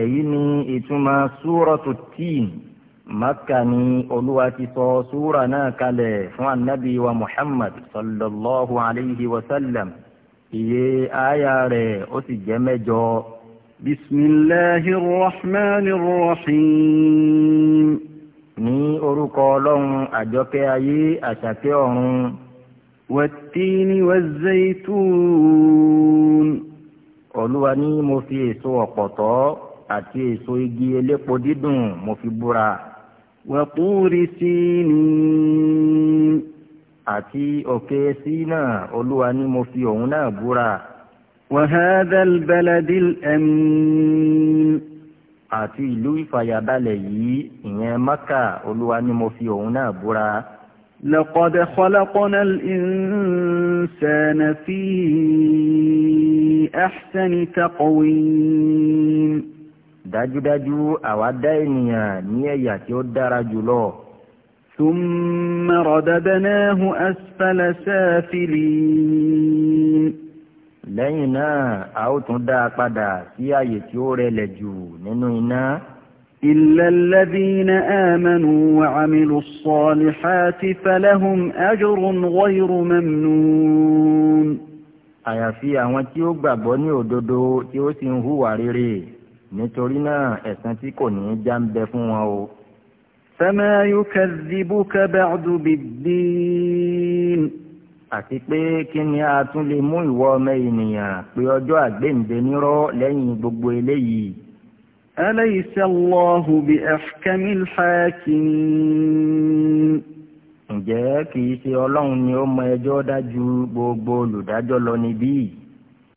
èyí ni ìtumọ̀ súrọ̀tù tíìn maka ni olúwa ti sọ súra náà kalẹ̀ fún anabi wa muhammad sallallahu alayhi wa sallam iye aya rẹ̀ ó sì jẹ́ mẹ́jọ. bisimilahi rahmani rahim. ní orúkọ ọlọ́run àjọkẹ́ ayé àṣàkẹ́ ọ̀run. wàtíìnì wàzẹ́ẹ̀tún. olúwa ni mo fi èso ọ̀pọ̀tọ́ àti èso igi elépo dídùn mo fi búra wẹ́kúrí sí ni àti òkè sí náà olúwa ni mo fi òun náà búra. wàhádà bẹ́lẹ́dì ẹ̀mí. àti ìlú ìfàyàbalẹ̀ yìí ìyẹn maka olúwa ni mo fi òun náà búra. لقد خلقنا الإنسان في أحسن تقويم dájúdájú àwa dá ènìyàn ní ẹ̀yà tí ó dára jùlọ. ثم رددناه أسفل سافلين lẹ́yìn náà a ó tún dá a padà sí àyè tí ó rẹlẹ̀ jù nínú iná. إلا الذين آمنوا وعملوا الصالحات فلهم أجر غير ممنون àyàfi àwọn tí ó gbàgbọ́ ní òdodo tí ó sì ń hùwà rere nítorí náà ẹ̀san tí kò ní í já ń bẹ fún wọn o. fama yukazzibuka ba'du biddin. àti pé kí ni a tún lè mú ìwọ ọmọ ènìyàn pé ọjọ́ àgbéǹde nírọ́ lẹ́yìn gbogbo eléyìí. alaysa Allahu bi ahkamil hakimin. ǹjẹ́ kì ṣe ọlọ́run ni ó mọ ẹjọ́ dájú gbogbo olùdájọ́ lọ níbí yìí.